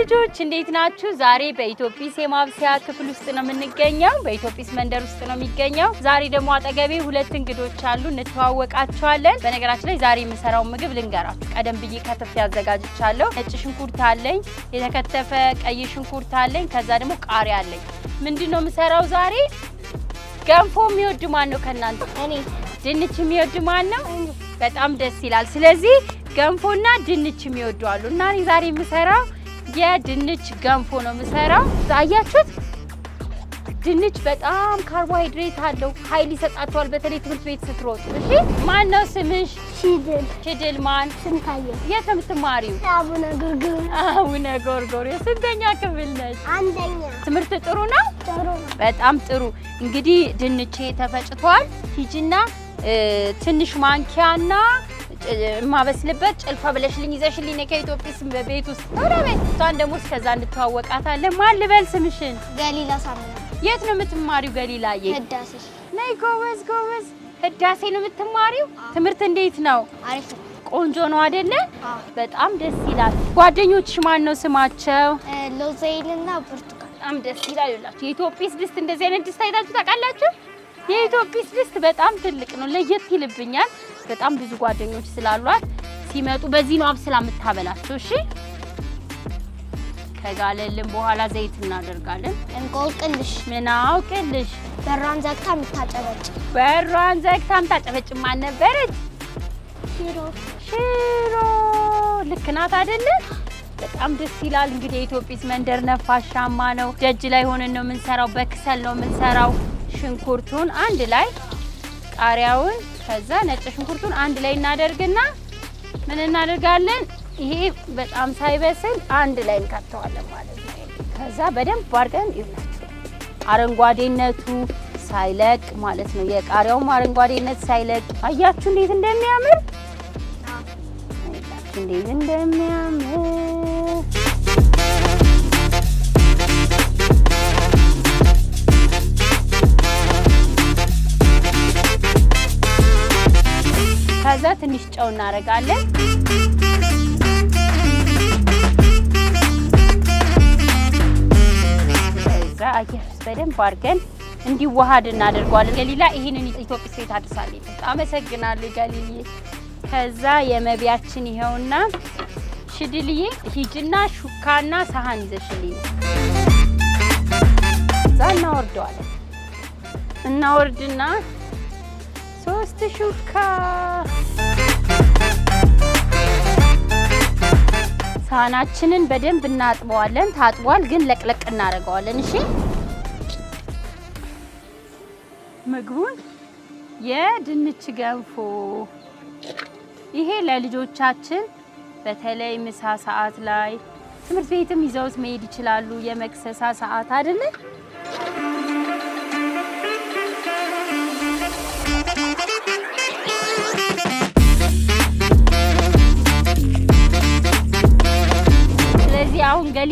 ልጆች እንዴት ናችሁ? ዛሬ በኢትዮጲስ የማብሰያ ክፍል ውስጥ ነው የምንገኘው። በኢትዮጲስ መንደር ውስጥ ነው የሚገኘው። ዛሬ ደግሞ አጠገቤ ሁለት እንግዶች አሉ፣ እንተዋወቃቸዋለን። በነገራችን ላይ ዛሬ የምሰራውን ምግብ ልንገራችሁ። ቀደም ብዬ ከተፍ ያዘጋጅቻለሁ። ነጭ ሽንኩርት አለኝ፣ የተከተፈ ቀይ ሽንኩርት አለኝ፣ ከዛ ደግሞ ቃሪያ አለኝ። ምንድን ነው የምሰራው ዛሬ? ገንፎ የሚወድ ማን ነው ከእናንተ? እኔ። ድንች የሚወድ ማን ነው? በጣም ደስ ይላል። ስለዚህ ገንፎና ድንች የሚወዱ አሉ እና ዛሬ የምሰራው የድንች ገንፎ ነው የምሰራው። አያችሁት? ድንች በጣም ካርቦሃይድሬት አለው፣ ኃይል ይሰጣቸዋል። በተለይ ትምህርት ቤት ስትሮጥ። እሺ፣ ማን ነው ስምሽ? ሽድል። ሽድል ማን? ስንታየሁ። የት የምትማሪው? አቡነ ጎርጎር። አቡነ ጎርጎር። የስንተኛ ክፍል ነሽ? አንደኛ። ትምህርት ጥሩ ነው? ጥሩ ነው። በጣም ጥሩ። እንግዲህ ድንቼ ተፈጭቷል። ሂጂና ትንሽ ማንኪያና የማበስልበት ጭልፋ ብለሽልኝ ይዘሽልኝ ስም በቤት ውስጥ ራቤ እሷን ደግሞ እስከዛ እንድተዋወቃታለን። ማን ልበል ስምሽን? ገሊላ ሳምና የት ነው የምትማሪው ገሊላዬ? ህዳሴ። ነይ ጎበዝ ጎበዝ። ህዳሴ ነው የምትማሪው? ትምህርት እንዴት ነው? አሪፍ ቆንጆ ነው አይደለ? በጣም ደስ ይላል። ጓደኞችሽ ማን ነው ስማቸው? ሎዜይልና ብርቱካን። በጣም ደስ ይላል። ይላችሁ የኢትዮጵስ ድስት እንደዚህ አይነት ድስት አይታችሁ ታውቃላችሁ? የኢትዮጵስ ሊስት በጣም ትልቅ ነው፣ ለየት ይልብኛል። በጣም ብዙ ጓደኞች ስላሏት ሲመጡ በዚህ ነው አብስላ የምታበላቸው። እሺ ከጋለልን በኋላ ዘይት እናደርጋለን። እንቆቅልሽ ምን አውቅልሽ በሯን ዘግታ የምታጨበጭ በሯን ዘግታ የምታጨበጭ ማን ነበረች? ሽሮ ሽሮ ልክ ናት አይደለ? በጣም ደስ ይላል። እንግዲህ የኢትዮጲስ መንደር ነፋሻማ ነው። ደጅ ላይ ሆነን ነው የምንሰራው፣ በክሰል ነው የምንሰራው። ሽንኩርቱን አንድ ላይ ቃሪያውን ከዛ ነጭ ሽንኩርቱን አንድ ላይ እናደርግና ምን እናደርጋለን? ይሄ በጣም ሳይበስል አንድ ላይ እንከተዋለን ማለት ነው። ከዛ በደንብ አድርገን ይውላችሁ አረንጓዴነቱ ሳይለቅ ማለት ነው። የቃሪያውም አረንጓዴነት ሳይለቅ አያችሁ እንዴት እንደሚያምር እንዴት እንደሚያምር ከዛ ትንሽ ጨው እናደርጋለን። ከዛ አየር በደንብ አድርገን እንዲዋሃድ እናደርገዋለን። ገሊላ ይህንን ኢትዮጵስ ቤት በጣም አመሰግናለሁ ገሊላ። ከዛ የመቢያችን ይኸውና ሽድልዬ ሂጅና ሹካና ሳህን ዘሽልዬ እዛ እናወርደዋለን እናወርድና ሶስት ሹካ ሳህናችንን በደንብ እናጥበዋለን። ታጥቧል፣ ግን ለቅለቅ እናደርገዋለን። እሺ ምግቡን የድንች ገንፎ ይሄ ለልጆቻችን በተለይ ምሳ ሰዓት ላይ ትምህርት ቤትም ይዘውት መሄድ ይችላሉ። የመክሰሳ ሰዓት አይደለ?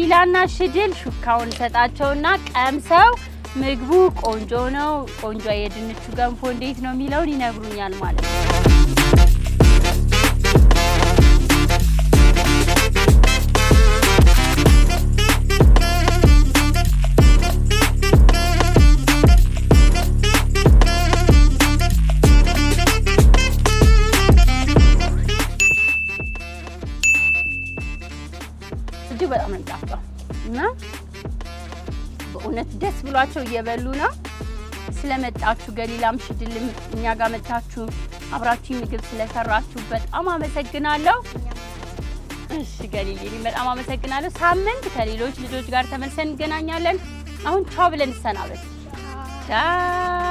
ዲላና ሽድል ሹካውን ሰጣቸውና ቀምሰው ምግቡ ቆንጆ ነው፣ ቆንጆ የድንቹ ገንፎ እንዴት ነው የሚለውን ይነግሩኛል ማለት ነው። በጣም የሚጣፍጠው እና በእውነት ደስ ብሏቸው እየበሉ ነው። ስለመጣችሁ ገሊላም ሽድልም እኛ ጋር መጣችሁ አብራችሁ ምግብ ስለሰራችሁ በጣም አመሰግናለሁ። እሺ ገሊሌ በጣም አመሰግናለሁ። ሳምንት ከሌሎች ልጆች ጋር ተመልሰን እንገናኛለን። አሁን ቻው ብለን እንሰናበት።